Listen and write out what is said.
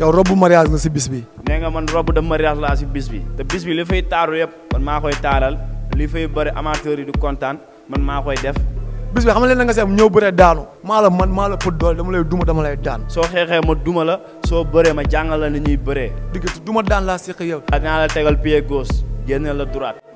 yow robbu mariage nga si bis bi. nee nga man robbu de mariage laa si bis bi te bis bi li fay taaru yëpp man maa koy taaral li fay bëri amateurs yi du kontaan man maa koy def. bis bi xam ne leen nga si ñëw bëree daanu maa la man maa la pët doole dama lay duma dama lay daan. soo xeexee ma duma la soo baree ma jàngal la ni ñuy bëree. diggante duma daan laa seq yow. dinaa la tegal pie gauche génne la droite.